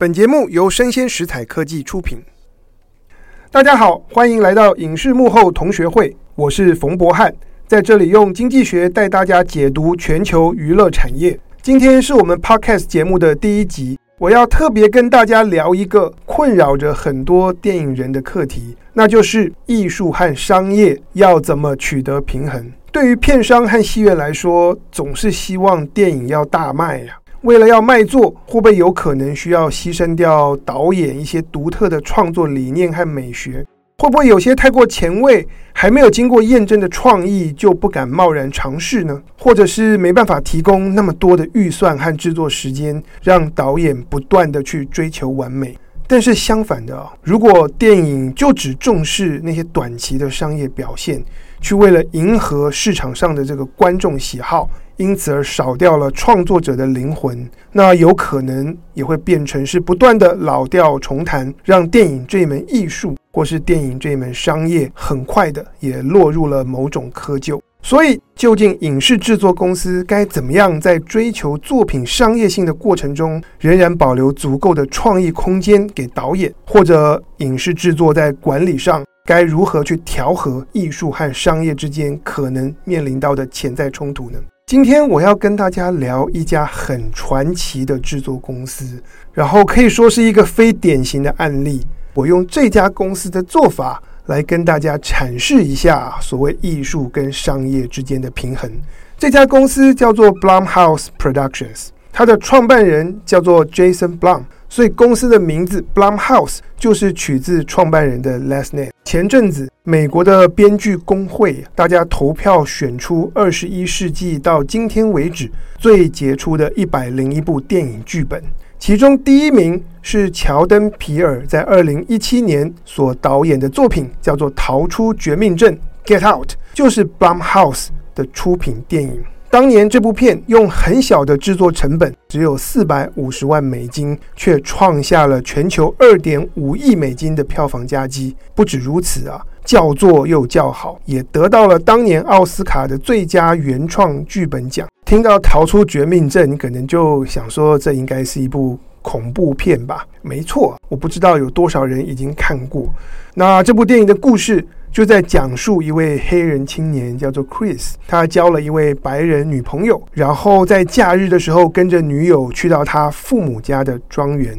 本節目由聲鮮時采科技出品。大家好，歡迎來到影視幕後同學會，我是馮博翰，在這裡用經濟學帶大家解讀全球娛樂產業。今天是我們 podcast 節目的第一集，我要特別跟大家聊一個困擾着很多電影人的課題，那就是藝術和商業要怎麼取得平衡。對於片商和戲院來說，總是希望電影要大賣呀、啊。為了要賣座，會不會有可能需要犧牲掉導演一些獨特的創作理念和美學？會不會有些太過前衛、還沒有經過驗證的創意就不敢貿然嘗試呢？或者是沒辦法提供那麼多的預算和制作時間，讓導演不斷地去追求完美？但是相反的，如果電影就只重視那些短期的商業表現，去為了迎合市場上的這個觀眾喜好。因此而少掉了創作者的靈魂，那有可能也會變成是不斷的老調重彈，讓電影這一門藝術或是電影這一門商業，很快的也落入了某種窠臼。所以，究竟影視製作公司該怎麼樣在追求作品商業性的過程中，仍然保留足夠的創意空間給導演，或者影視製作在管理上該如何去調和藝術和商業之間可能面臨到的潛在衝突呢？今天我要跟大家聊一家很傳奇的製作公司，然後可以說是一個非典型的案例。我用這家公司的做法來跟大家闡釋一下所謂藝術跟商業之間的平衡。這家公司叫做 Blumhouse Productions，它的創辦人叫做 Jason Blum。所以公司的名字 Blumhouse 就是取自創辦人的 last name。前陣子，美國的編劇工會大家投票選出二十一世紀到今天為止最傑出的一百零一部電影劇本，其中第一名是喬登皮爾在二零一七年所導演的作品，叫做《逃出絕命鎮》（Get Out），就是 Blumhouse 的出品電影。當年這部片用很小的製作成本，只有四百五十萬美金，卻創下了全球二點五億美金的票房佳績。不止如此啊，叫座又叫好，也得到了當年奧斯卡的最佳原創劇本獎。聽到《逃出絕命鎮》，你可能就想說，這應該是一部恐怖片吧？沒錯，我不知道有多少人已經看過。那這部電影的故事，就在講述一位黑人青年叫做 Chris，他交了一位白人女朋友，然後在假日的時候跟着女友去到他父母家的莊園，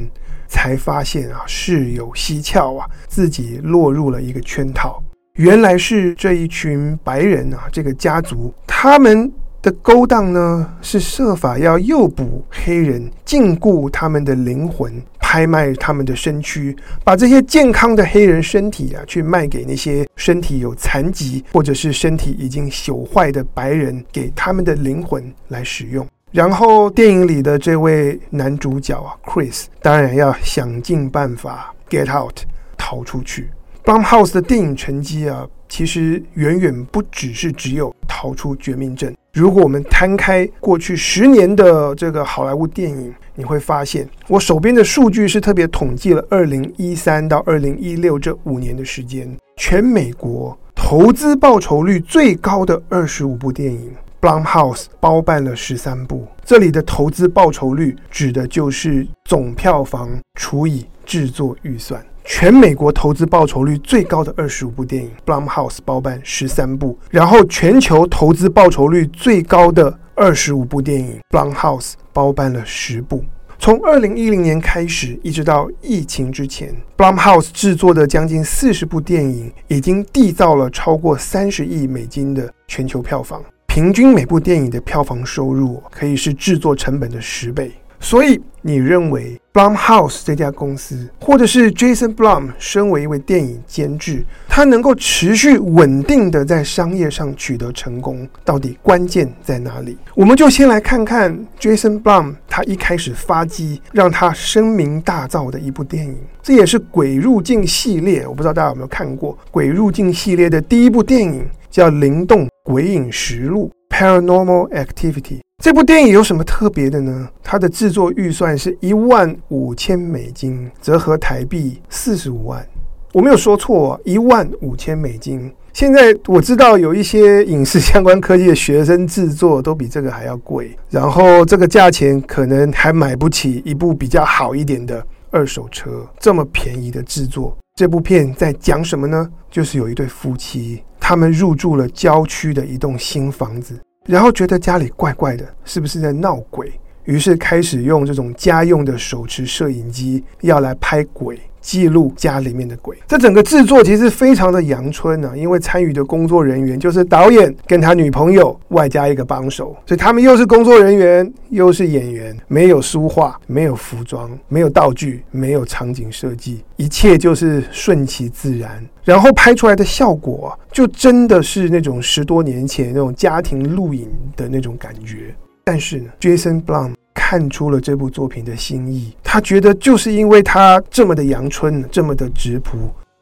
才發現啊，事有蹊蹺啊，自己落入了一個圈套。原來是這一群白人啊，這個家族，他們的勾當呢，是設法要誘捕黑人，禁錮他們的靈魂。拍賣他們的身軀，把這些健康的黑人身體啊，去賣給那些身體有殘疾或者是身體已經朽壞的白人，給他們的靈魂來使用。然後電影裡的這位男主角啊，Chris，當然要想盡辦法 get out，逃出去。Blumhouse 的電影成績啊，其實遠遠不只是只有《逃出絕命鎮》。如果我們攤開過去十年的這個好萊塢電影，你會發現，我手邊的數據是特別統計了二零一三到二零一六這五年的時間，全美國投資報酬率最高的二十五部電影，Blumhouse 包辦了十三部。這裡的投資報酬率指的就是總票房除以製作預算，全美國投資報酬率最高的二十五部電影，Blumhouse 包辦十三部；然後全球投資報酬率最高的二十五部電影，Blumhouse 包辦了十部。從二零一零年開始，一直到疫情之前，Blumhouse 製作的將近四十部電影，已經締造了超過三十億美金的全球票房，平均每部電影的票房收入可以是製作成本的十倍。所以，你認為 Blumhouse 這家公司，或者是 Jason Blum 身為一位電影監製，他能夠持續穩定的在商業上取得成功，到底關鍵在哪裡？我們就先來看看 Jason Blum 他一開始發跡，讓他聲名大噪的一部電影，這也是《鬼入境》系列。我不知道大家有沒有看過《鬼入境》系列的第一部電影，叫《靈動》。《鬼影實錄》（Paranormal Activity） 這部電影有什麼特別的呢？它的製作預算是一萬五千美金，折合台幣四十五萬。我沒有說錯，一萬五千美金。現在我知道有一些影視相關科技的學生製作都比這個還要貴。然後這個價錢可能還買不起一部比較好一點的二手車。這麼便宜的製作，這部片在講什麼呢？就是有一對夫妻。他們入住了郊區的一棟新房子，然後覺得家裡怪怪的，是不是在鬧鬼？於是開始用這種家用的手持攝影機要來拍鬼，記錄家裡面的鬼。這整個制作其實非常的陽春啊，因為參與的工作人員就是導演跟他女朋友外加一個幫手，所以他們又是工作人員又是演員，沒有梳化，沒有服裝，沒有道具，沒有場景設計，一切就是順其自然。然後拍出來的效果啊，就真的是那種十多年前那種家庭錄影的那種感覺。但是呢，Jason Blum，看出了這部作品的新意，他覺得就是因為他這麼的陽春，這麼的質樸，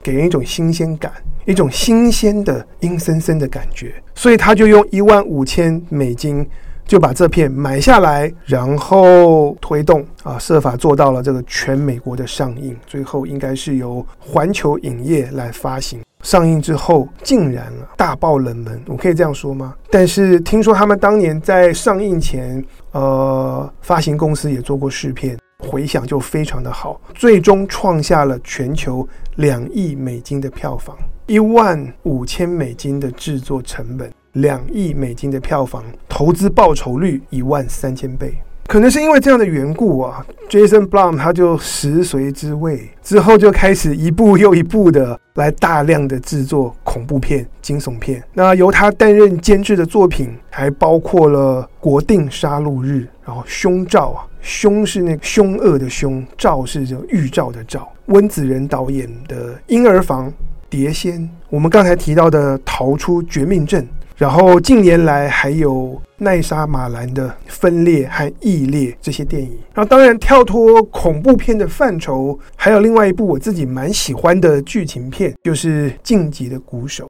給人一種新鮮感，一種新鮮的陰森森的感覺，所以他就用一萬五千美金就把這片買下來，然後推動啊，設法做到了這個全美國的上映，最後應該是由環球影業來發行。上映之後竟然了大爆冷門，我可以這樣說嗎？但是聽說他們當年在上映前，呃，發行公司也做過試片，回響就非常的好，最終創下了全球兩億美金的票房，一萬五千美金的制作成本，兩億美金的票房，投資報酬率一萬三千倍。可能是因為這樣的緣故啊，Jason Blum 他就食髓知味，之後就開始一部又一部的來大量的製作恐怖片、驚悚片。那由他擔任監製的作品還包括了《國定殺戮日》，然後《凶兆》啊，凶是那個凶惡的凶，兆是這預兆的兆。溫子仁導演的《嬰兒房》、《碟仙》，我們剛才提到的《逃出絕命鎮》。然後近年來還有奈莎馬蘭的《分裂》和《異裂》這些電影。後當然跳脫恐怖片的範疇，還有另外一部我自己蠻喜歡的劇情片，就是《晉級的鼓手》。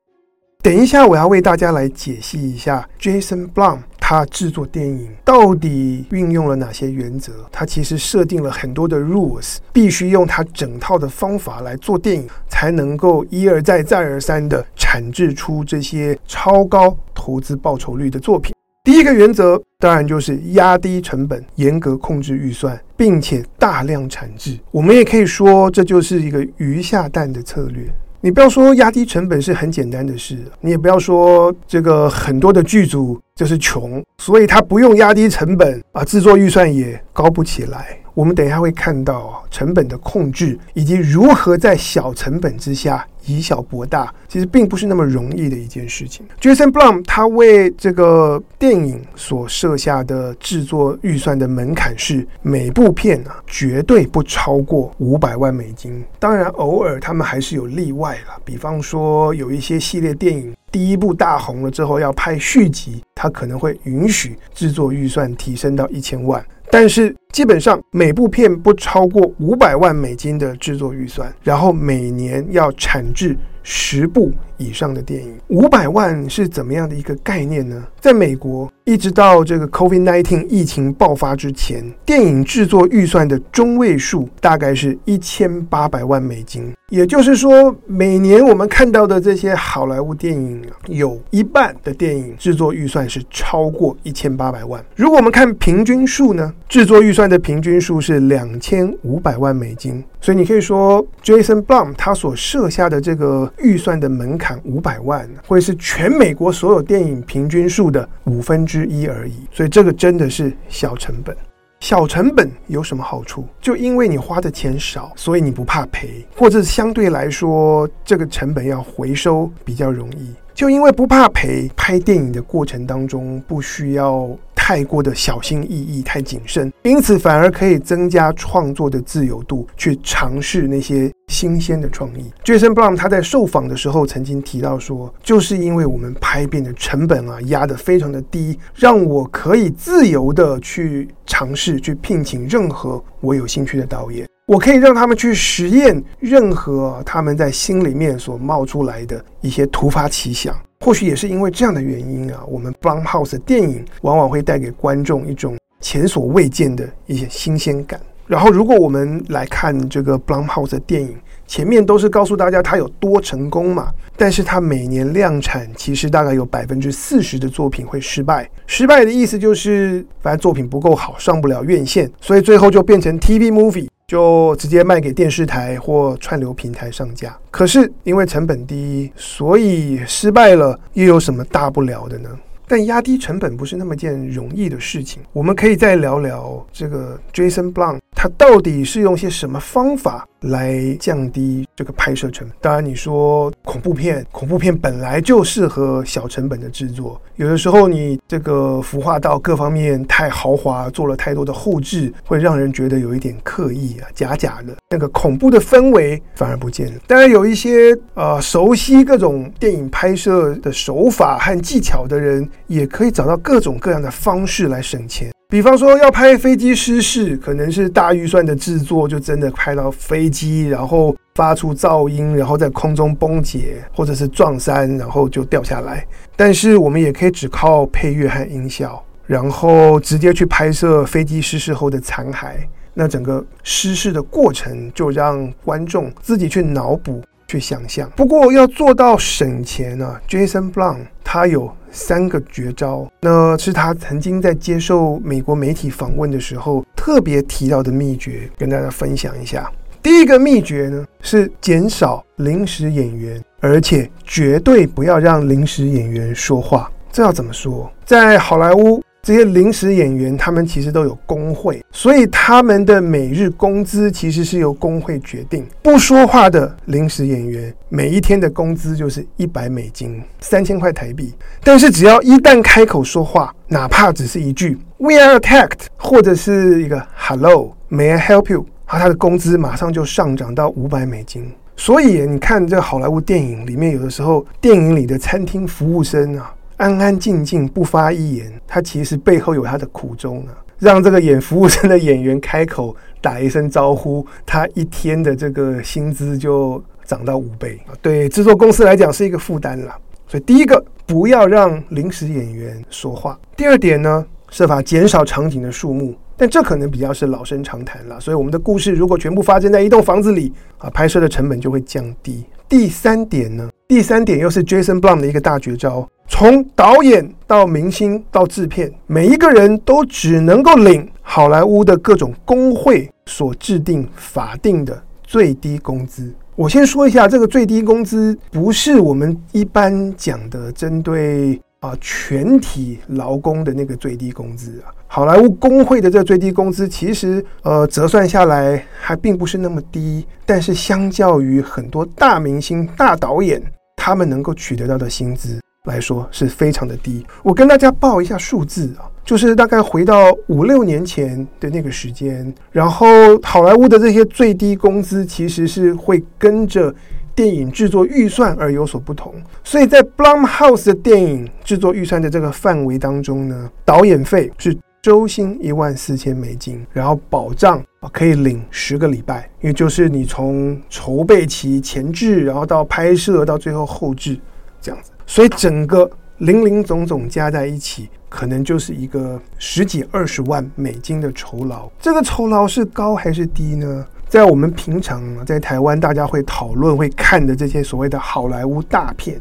等一下，我要為大家來解析一下 Jason Blum。他製作電影到底運用了哪些原則？他其實設定了很多的 rules，必須用他整套的方法來做電影，才能夠一而再、再而三地產製出這些超高投資報酬率的作品。第一個原則當然就是壓低成本，嚴格控制預算，並且大量產製。我們也可以說，這就是一個魚下蛋的策略。你不要說壓低成本是很簡單的事，你也不要說這個很多的劇組。就是窮，所以他不用壓低成本啊，製作預算也高不起來。我們等一下會看到成本的控制，以及如何在小成本之下以小博大，其實並不是那麼容易的一件事情。Jason Blum 他為這個電影所設下的製作預算的門檻是每部片啊，絕對不超過五百萬美金。當然，偶爾他們還是有例外啦，比方說有一些系列電影第一部大紅了之後要拍續集。他可能會允許製作預算提升到一千萬，但是。基本上每部片不超過五百萬美金的制作預算，然後每年要產製十部以上的電影。五百萬是怎麼樣的一個概念呢？在美國，一直到這個 COVID-19 疫情爆發之前，電影制作預算的中位數大概是一千八百萬美金。也就是說，每年我們看到的這些好萊塢電影有一半的電影制作預算是超過一千八百萬。如果我們看平均數呢，制作預算。的平均數是兩千五百萬美金，所以你可以說，Jason Blum 他所設下的這個預算的門檻五百萬，會是全美國所有電影平均數的五分之一而已。所以這個真的是小成本。小成本有什麼好處？就因為你花的錢少，所以你不怕賠，或者相對來說，這個成本要回收比較容易。就因為不怕賠，拍電影的過程當中不需要。太過的小心翼翼，太謹慎，因此反而可以增加創作的自由度，去嘗試那些新鮮的創意。Jason Blum 他在受訪的時候曾經提到說，就是因為我們拍片的成本啊壓得非常的低，讓我可以自由的去嘗試，去聘請任何我有興趣的導演，我可以讓他們去實驗任何他們在心裡面所冒出來的一些突發奇想。或許也是因為這樣的原因啊，我們 Blumhouse 的電影往往會帶給觀眾一種前所未見的一些新鮮感。然後，如果我們來看這個 Blumhouse 的電影，前面都是告訴大家它有多成功嘛，但是它每年量產其實大概有百分之四十的作品會失敗。失敗的意思就是，反正作品不夠好，上不了院線，所以最後就變成 TV movie。就直接賣給電視台或串流平台上架，可是因為成本低，所以失敗了，又有什麼大不了的呢？但壓低成本不是那麼件容易的事情。我們可以再聊聊這個 Jason Blum 他到底是用些什麼方法來降低這個拍攝成本？當然，你說恐怖片，恐怖片本來就適合小成本的製作。有的時候你這個服化道各方面太豪華，做了太多的後製，會讓人覺得有一點刻意啊，假假的。那個恐怖的氛圍反而不見了。當然，有一些呃熟悉各種電影拍攝的手法和技巧的人，也可以找到各種各樣的方式來省錢，比方說要拍飛機失事，可能是大預算的制作，就真的拍到飛機，然後發出噪音，然後在空中崩解，或者是撞山，然後就掉下來。但是我們也可以只靠配樂和音效，然後直接去拍攝飛機失事後的殘骸，那整個失事的過程就讓觀眾自己去腦補、去想象。不過要做到省錢呢，啊，Jason Blum 他有。三個絕招，那是他曾經在接受美國媒體訪問的時候特別提到的秘訣，跟大家分享一下。第一個秘訣呢，是減少臨時演員，而且絕對不要讓臨時演員說話。這要怎麼說？在好萊塢。這些臨時演員，他們其實都有工會，所以他們的每日工資其實是由工會決定。不說話的臨時演員，每一天的工資就是一百美金，三千塊台幣，但是只要一旦開口說話，哪怕只是一句 “We are attacked” 或者是一個 “Hello, may I help you” 啊，他的工資馬上就上漲到五百美金。所以你看，這個好萊塢電影裡面，有的時候電影裡的餐廳服務生啊。安安靜靜不發一言，他其實背後有他的苦衷啊，讓這個演服務生的演員開口打一聲招呼，他一天的這個薪資就漲到五倍啊！對製作公司來講是一個負擔了。所以，第一個不要讓臨時演員說話。第二點呢，設法減少場景的數目，但這可能比較是老生常談了。所以，我們的故事如果全部發生在一棟房子裡啊，拍攝的成本就會降低。第三點呢？第三點又是 Jason Blum 的一個大絕招。從導演到明星到制片，每一個人都只能夠領好萊塢的各種工會所制定法定的最低工資。我先說一下，這個最低工資不是我們一般講的針對啊全體勞工的那個最低工資啊。好萊塢工會的這個最低工資，其實呃折算下來還並不是那麼低，但是相較於很多大明星、大導演，他們能夠取得到的薪資。來說是非常的低。我跟大家報一下數字啊，就是大概回到五六年前的那個時間，然後好萊塢的這些最低工資其實是會跟着電影制作預算而有所不同。所以在 Blumhouse 的電影制作預算的這個範圍當中呢，導演費是周薪一萬四千美金，然後保障可以領十個禮拜，因為就是你從籌備期前置，然後到拍攝到最後後置這樣子。所以整個零零總總加在一起，可能就是一個十幾二十萬美金的酬勞。這個酬勞是高還是低呢？在我們平常在台灣大家會討論、會看的這些所謂的好萊塢大片，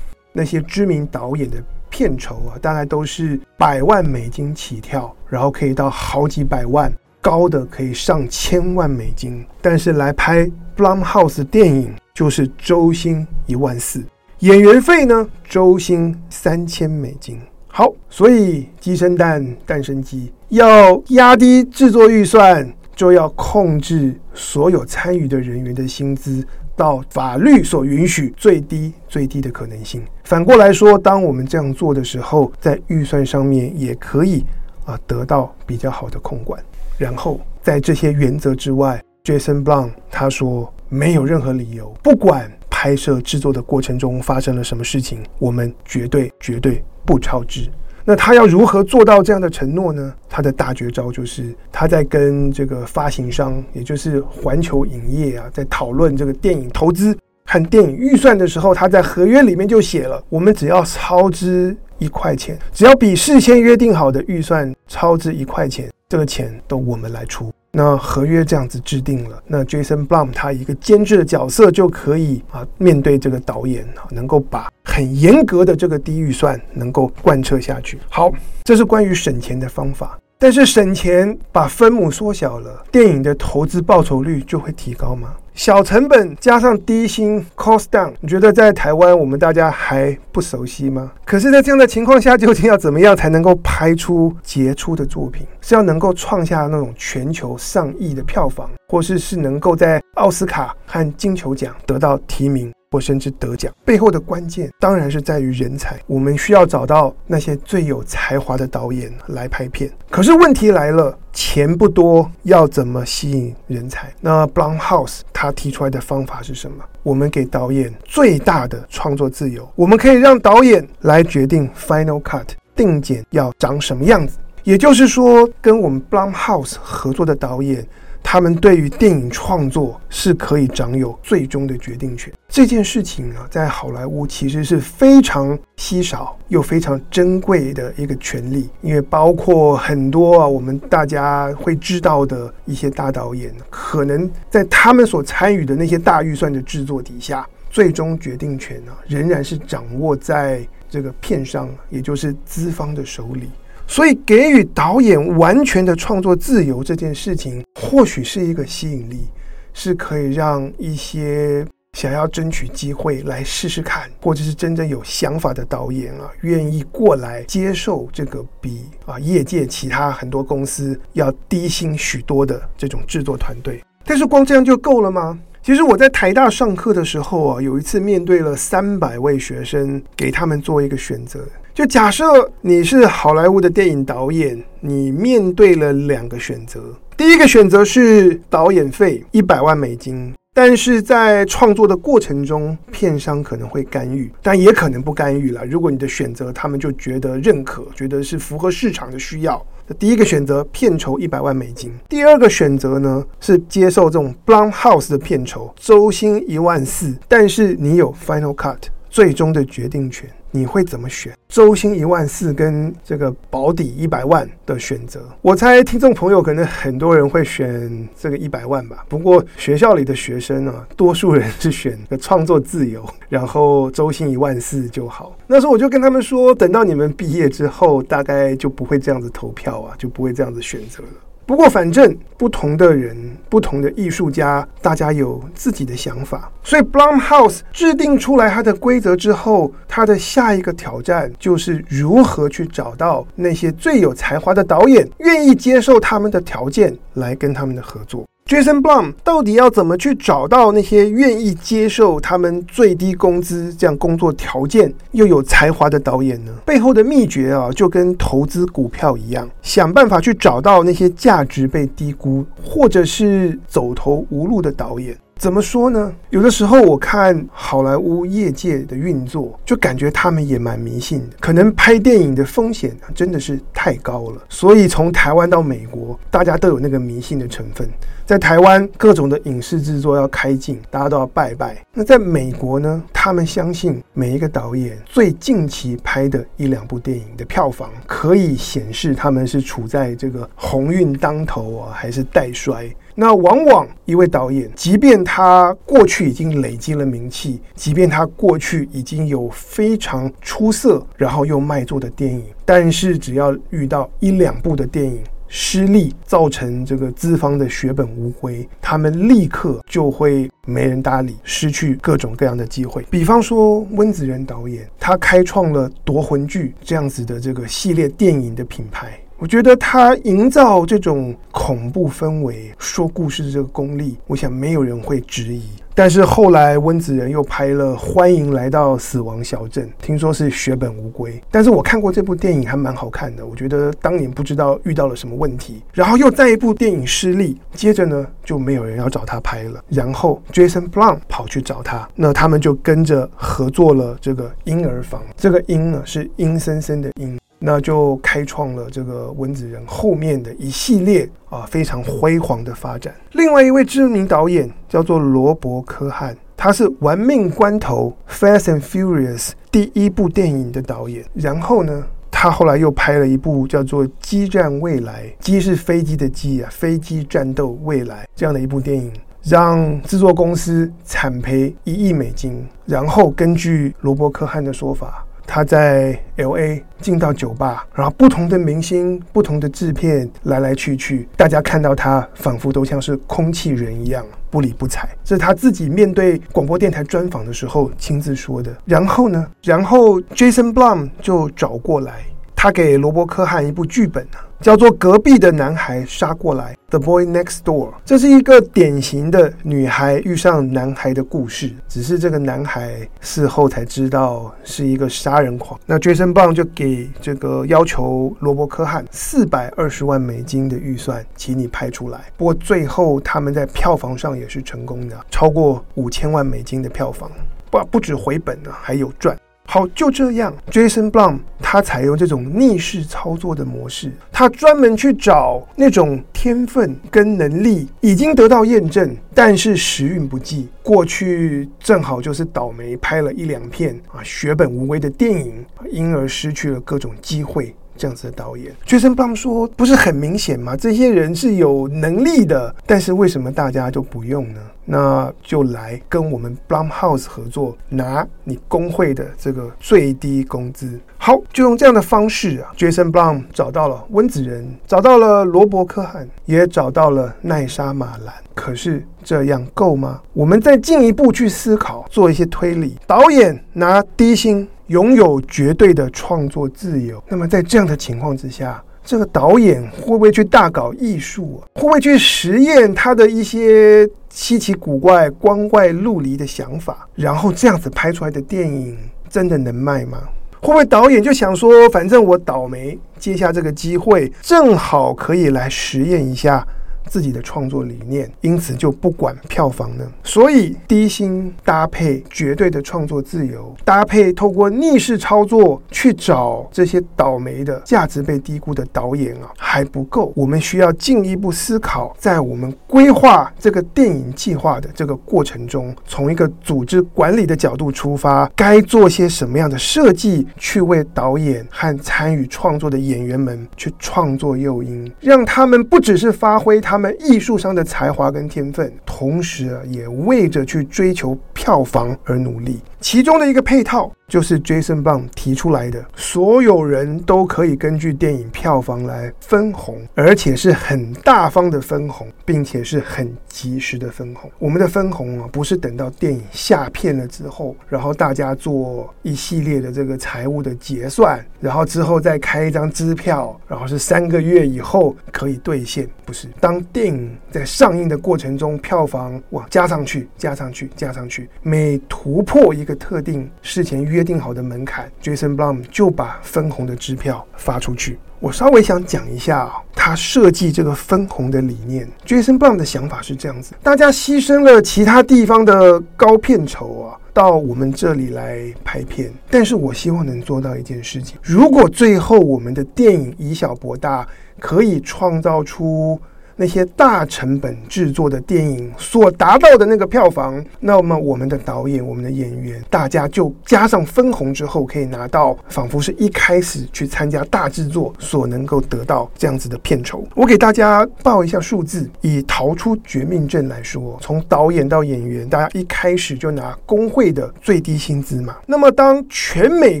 那些知名導演的片酬啊，大概都是百萬美金起跳，然後可以到好幾百萬，高的可以上千萬美金。但是來拍 Blumhouse 電影就是週薪一萬四。演員費呢？周薪三千美金。好，所以雞生蛋，蛋生雞。要壓低制作預算，就要控制所有參與的人員的薪資到法律所允許最低最低的可能性。反過來說，當我們這樣做的時候，在預算上面也可以啊得到比較好的控管。然後在這些原則之外，Jason Blum 他說。沒有任何理由，不管拍攝制作的過程中發生了什麼事情，我們絕對絕對不超支。那他要如何做到這樣的承諾呢？他的大絕招就是他在跟這個發行商，也就是環球影業啊，在討論這個電影投資和電影預算的時候，他在合約裡面就寫了：我們只要超支一塊錢，只要比事先約定好的預算超支一塊錢，這個錢都我們來出。那合約這樣子制定了，那 Jason Blum 他一個監製的角色就可以啊，面對這個導演啊，能夠把很嚴格的這個低預算能夠貫徹下去。好，這是關於省錢的方法。但是省錢把分母縮小了，電影的投資報酬率就會提高嗎？小成本加上低薪，cost down，你覺得在台灣我們大家還不熟悉嗎？可是，在這樣的情況下，究竟要怎麼樣才能夠拍出傑出的作品？是要能夠創下那種全球上億的票房，或是是能夠在奧斯卡和金球獎得到提名？或甚至得獎，背後的關鍵當然是在於人才，我們需要找到那些最有才華的導演來拍片。可是問題來了，錢不多，要怎麼吸引人才？那 Blumhouse 他提出來的方法是什麼？我們給導演最大的創作自由，我們可以讓導演來決定 Final Cut 定剪要長什麼樣子。也就是說，跟我們 Blumhouse 合作的導演。他們對於電影創作是可以掌有最終的決定權。這件事情啊，在好萊塢其實是非常稀少又非常珍貴的一個權利，因為包括很多啊，我們大家會知道的一些大導演，可能在他們所參與的那些大預算的制作底下，最終決定權呢，啊，仍然是掌握在這個片商，也就是資方的手裡。所以，給予導演完全的創作自由這件事情，或許是一個吸引力，是可以讓一些想要爭取機會來試試看，或者是真正有想法的導演啊，願意過來接受這個比啊業界其他很多公司要低薪許多的這種制作團隊。但是，光這樣就夠了嗎？其實我在台大上課的時候啊，有一次面對了三百位學生，給他們做一個選擇。就假設你是好萊塢的電影導演，你面對了兩個選擇。第一個選擇是導演費一百萬美金，但是在創作的過程中，片商可能會干預，但也可能不干預啦。如果你的選擇他們就覺得認可，覺得是符合市場的需要，那第一個選擇片酬一百萬美金。第二個選擇呢，是接受這種 Blumhouse 的片酬，周薪一萬四，但是你有 Final Cut。最終的決定權，你會怎麼選？週薪一萬四跟這個保底一百萬的選擇，我猜聽眾朋友可能很多人會選這個一百萬吧。不過學校裡的學生呢、啊，多數人是選個創作自由，然後週薪一萬四就好。那時候我就跟他們說，等到你們畢業之後，大概就不會這樣子投票啊，就不會這樣子選擇了。不過，反正不同的人、不同的藝術家，大家有自己的想法。所以，Blumhouse 制定出來他的規則之後，他的下一個挑戰就是如何去找到那些最有才華的導演，願意接受他們的條件來跟他們的合作。Jason Blum 到底要怎麼去找到那些願意接受他們最低工資這樣工作條件又有才華的導演呢？背後的秘訣啊，就跟投資股票一樣，想辦法去找到那些價值被低估或者是走投無路的導演。怎麼說呢？有的時候我看好萊塢業界的運作，就感覺他們也蠻迷信的。可能拍電影的風險真的是太高了，所以從台灣到美國，大家都有那個迷信的成分。在台灣，各種的影視制作要開鏡，大家都要拜拜。那在美國呢，他們相信每一個導演最近期拍的一兩部電影的票房，可以顯示他們是處在這個鴻運當頭啊，還是帶衰。那往往一位導演，即便他過去已經累積了名氣，即便他過去已經有非常出色，然後又賣座的電影，但是只要遇到一兩部的電影失利，造成這個資方的血本無歸，他們立刻就會沒人搭理，失去各種各樣的機會。比方說溫子仁導演，他開創了奪魂鋸這樣子的這個系列電影的品牌。我覺得他營造這種恐怖氛圍、說故事的這個功力，我想沒有人會質疑。但是後來溫子仁又拍了《歡迎來到死亡小鎮》，聽說是血本無歸。但是我看過這部電影還蠻好看的，我覺得當年不知道遇到了什麼問題，然後又再一部電影失利，接着呢就沒有人要找他拍了。然後 Jason Blum 跑去找他，那他們就跟着合作了這個陰兒房。這個陰呢是陰森森的陰。那就開創了這個溫子仁後面的一系列啊非常輝煌的發展。另外一位知名導演叫做羅伯·科漢，他是《玩命關頭》（Fast and Furious） 第一部電影的導演。然後呢，他後來又拍了一部叫做《機戰未來》（機是飛機的機啊，飛機戰鬥未來）這樣的一部電影，讓製作公司慘賠一億美金。然後根據羅伯·科漢的說法。他在 L.A. 進到酒吧，然後不同的明星、不同的制片來來去去，大家看到他仿佛都像是空氣人一樣不理不睬。這是他自己面對廣播電台專訪的時候親自說的。然後呢，然後 Jason Blum 就找過來。他給羅伯·科漢一部劇本啊，叫做《隔壁的男孩殺過來》（The Boy Next Door），這是一個典型的女孩遇上男孩的故事。只是這個男孩事後才知道是一個殺人狂。那 Jason Blum 就給這個要求羅伯·科漢四百二十萬美金的預算，請你拍出來。不過最後他們在票房上也是成功的，超過五千萬美金的票房，不不止回本啊，還有賺。好，就這樣。Jason Blum，他採用這種逆勢操作的模式，他專門去找那種天分跟能力已經得到驗證，但是時運不濟，過去正好就是倒霉拍了一兩片啊血本無歸的電影，因而失去了各種機會。這樣子的導演，Jason Blum 說，不是很明顯嗎？這些人是有能力的，但是為什麼大家就不用呢？那就來跟我們 Blumhouse 合作，拿你工會的這個最低工資。好，就用這樣的方式啊，Jason Blum 找到了溫子仁，找到了羅伯·克汗，也找到了奈莎·馬蘭。可是這樣夠嗎？我們再進一步去思考，做一些推理。導演拿低薪，擁有絕對的創作自由，那麼在這樣的情況之下，這個導演會不會去大搞藝術啊？會不會去實驗他的一些稀奇古怪、光怪陸離的想法？然後這樣子拍出來的電影真的能賣嗎？會不會導演就想說，反正我倒霉，接下這個機會正好可以來實驗一下自己的創作理念，因此就不管票房呢。所以低薪搭配絕對的創作自由，搭配透過逆勢操作去找這些倒霉的、價值被低估的導演啊，還不夠。我們需要進一步思考，在我們規劃這個電影計劃的這個過程中，從一個組織管理的角度出發，該做些什麼樣的設計，去為導演和參與創作的演員們去創作誘因，讓他們不只是發揮他們。他們藝術上的才華跟天分，同時也為着去追求票房而努力，其中的一個配套，就是 Jason Blum 提出來的，所有人都可以根據電影票房來分紅，而且是很大方的分紅，並且是很及時的分紅。我們的分紅啊，不是等到電影下片了之後，然後大家做一系列的這個財務的結算，然後之後再開一張支票，然後是三個月以後可以兌現。不是，當電影在上映的過程中，票房哇加上去，加上去，加上去，每突破一個特定事前預。約定好的門檻，Jason Blum 就把分紅的支票發出去。我稍微想講一下啊，他設計這個分紅的理念，Jason Blum 的想法是這樣子：大家犧牲了其他地方的高片酬啊，到我們這裡來拍片。但是我希望能做到一件事情：如果最後我們的電影以小博大，可以創造出。那些大成本制作的電影所達到的那個票房，那麼我們的導演、我們的演員，大家就加上分紅之後，可以拿到仿佛是一開始去參加大制作所能夠得到這樣子的片酬。我給大家報一下數字：以《逃出絕命鎮》來說，從導演到演員，大家一開始就拿工會的最低薪資嘛。那麼，當全美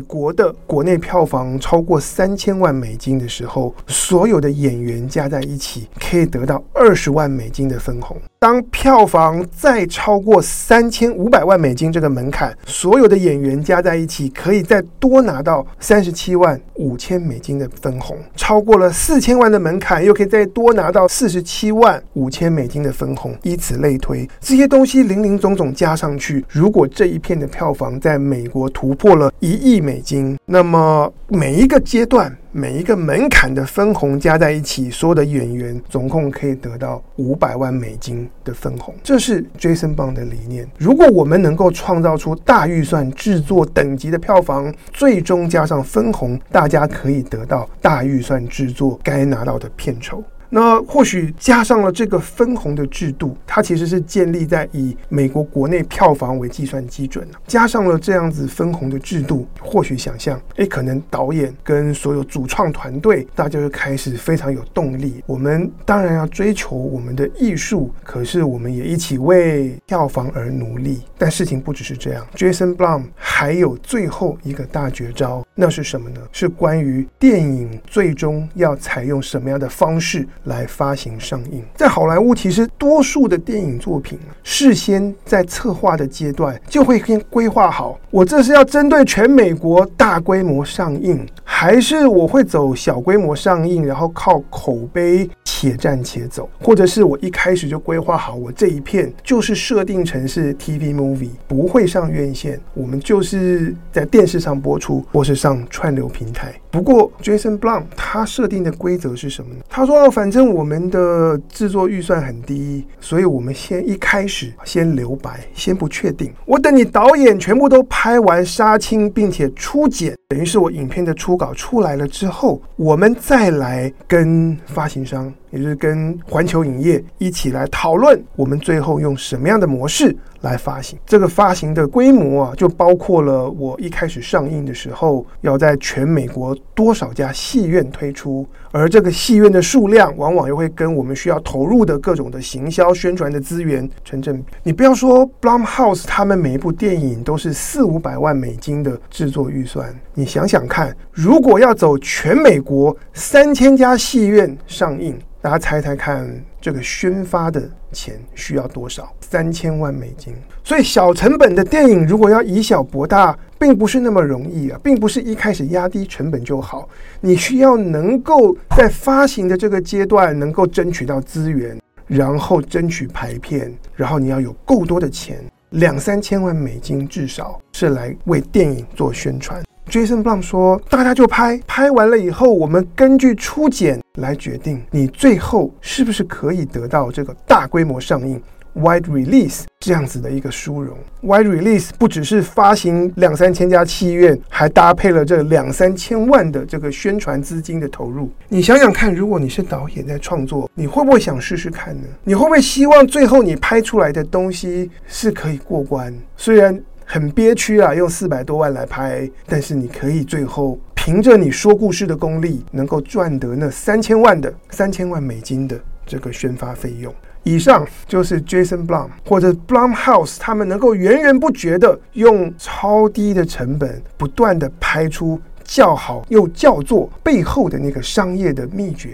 國的國內票房超過三千萬美金的時候，所有的演員加在一起可以得。到二十萬美金的分紅。當票房再超過三千五百萬美金這個門檻，所有的演員加在一起可以再多拿到三十七萬五千美金的分紅。超過了四千萬的門檻，又可以再多拿到四十七萬五千美金的分紅。以此類推，這些東西零零總總加上去，如果這一片的票房在美國突破了一億美金，那麼每一個階段。每一個門檻的分紅加在一起，所有的演員總共可以得到五百萬美金的分紅。這是 Jason Blum 的理念。如果我們能夠創造出大預算製作等級的票房，最終加上分紅，大家可以得到大預算製作該拿到的片酬。那或許加上了這個分紅的制度，它其實是建立在以美國國內票房為計算基準的啊。加上了這樣子分紅的制度，或許想象，誒，可能導演跟所有主創團隊，大家就開始非常有動力。我們當然要追求我們的藝術，可是我們也一起為票房而努力。但事情不只是這樣，Jason Blum 還有最後一個大絕招，那是什麼呢？是關於電影最終要採用什麼樣的方式。來發行上映。在好萊塢其實多數的電影作品，事先在策劃的階段就會先規劃好，我這是要針對全美國大規模上映，還是我會走小規模上映，然後靠口碑且戰且走，或者是我一開始就規劃好，我這一片就是設定成是 TV movie，不會上院線，我們就是在電視上播出，或是上串流平台。不過 Jason Blum 他設定的規則是什麼呢？他說要反正。因為我們的製作預算很低，所以我們先一開始先留白，先不確定。我等你導演全部都拍完殺青，並且初剪。等於是我影片的初稿出來了之後，我們再來跟發行商，也就是跟環球影業一起來討論，我們最後用什麼樣的模式來發行。這個發行的規模啊，就包括了我一開始上映的時候要在全美國多少家戲院推出，而這個戲院的數量往往又會跟我們需要投入的各種的行銷宣傳的資源成正比。你不要說 Blumhouse 他們每一部電影都是四五百萬美金的製作預算。你想想看，如果要走全美國三千家戲院上映，大家猜猜看，這個宣發的錢需要多少？三千萬美金。所以，小成本的電影如果要以小博大，並不是那麼容易啊，並不是一開始壓低成本就好。你需要能夠在發行的這個階段能夠爭取到資源，然後爭取排片，然後你要有夠多的錢，兩三千萬美金至少是來為電影做宣傳。Jason Blum 說：“大家就拍拍完了以後，我們根據初剪來決定你最後是不是可以得到這個大規模上映 （Wide Release） 這樣子的一個殊榮。Wide Release 不只是發行兩三千家戲院，還搭配了這兩三千萬的這個宣傳資金的投入。你想想看，如果你是導演在創作，你會不會想試試看呢？你會不會希望最後你拍出來的東西是可以過關？雖然……”很憋屈啊！用四百多萬來拍，但是你可以最後憑着你說故事的功力，能夠賺得那三千萬的三千萬美金的這個宣發費用。以上就是 Jason Blum 或者 Blum House 他們能夠源源不絕地用超低的成本，不斷地拍出較好又叫做背後的那個商業的秘訣。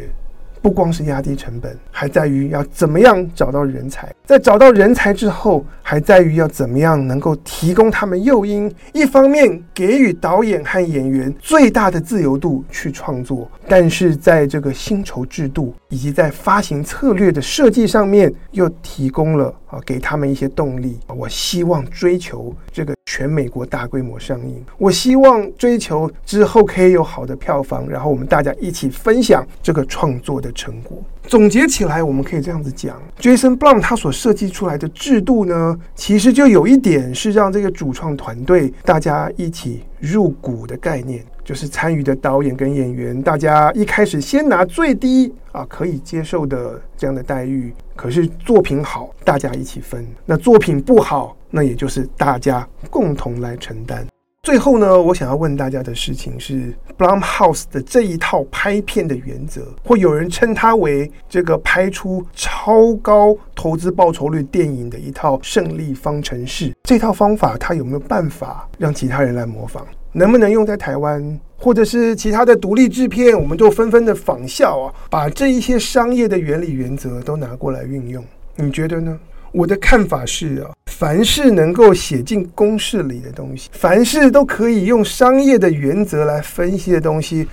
不光是壓低成本，還在於要怎麼樣找到人才。在找到人才之後，還在於要怎麼樣能夠提供他們誘因。一方面給予導演和演員最大的自由度去創作，但是在這個薪酬制度以及在發行策略的設計上面，又提供了。啊，給他們一些動力。我希望追求這個全美國大規模上映，我希望追求之後可以有好的票房，然後我們大家一起分享這個創作的成果。總結起來，我們可以這樣子講：Jason Blum 他所設計出來的制度呢，其實就有一點是讓這個主創團隊大家一起入股的概念，就是參與的導演跟演員，大家一開始先拿最低啊可以接受的這樣的待遇，可是作品好，大家一起分；那作品不好，那也就是大家共同來承擔。最後呢，我想要問大家的事情是，Blumhouse 的這一套拍片的原則，或有人稱它為這個拍出超高投資報酬率電影的一套勝利方程式。這套方法它有沒有辦法讓其他人來模仿？能不能用在台灣或者是其他的獨立製片？我們就紛紛的仿效啊，把這一些商業的原理原則都拿過來運用。你覺得呢？我的看法是啊，凡是能夠寫進公式裡的東西，凡是都可以用商業的原則來分析的東西，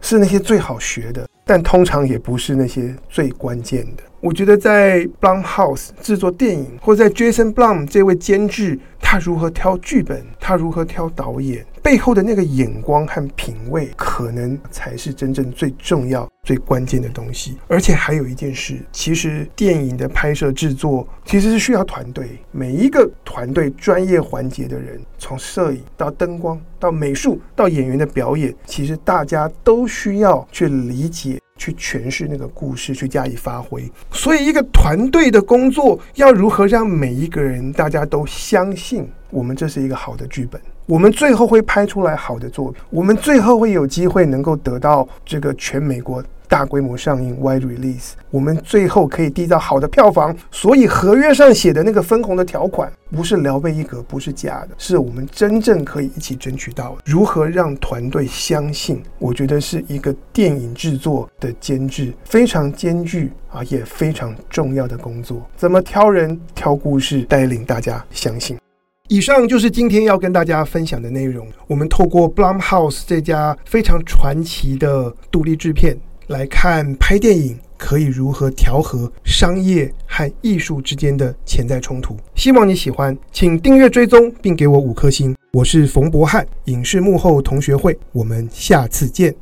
是那些最好學的，但通常也不是那些最關鍵的。我覺得在 Blumhouse 製作電影，或者在 Jason Blum 這位監製。他如何挑劇本，他如何挑導演，背後的那個眼光和品味，可能才是真正最重要、最關鍵的東西。而且還有一件事，其實電影的拍攝製作其實是需要團隊，每一個團隊專業環節的人，從攝影到燈光，到美術，到演員的表演，其實大家都需要去理解、去詮釋那個故事，去加以發揮。所以，一個團隊的工作要如何讓每一個人大家都相信？我們這是一個好的劇本，我們最後會拍出來好的作品，我們最後會有機會能夠得到這個全美國大規模上映 wide release，我們最後可以締造好的票房。所以合約上寫的那個分紅的條款不是聊備一格，不是假的，是我們真正可以一起爭取到的。如何讓團隊相信？我覺得是一個電影制作的監制，非常艱巨啊，也非常重要的工作。怎麼挑人、挑故事，帶領大家相信？以上就是今天要跟大家分享的內容。我們透過 Blumhouse 這家非常傳奇的獨立制片來看，拍電影可以如何調和商業和藝術之間的潛在衝突。希望你喜歡，請訂閱追蹤，並給我五顆星。我是馮博翰，影視幕後同學會，我們下次見。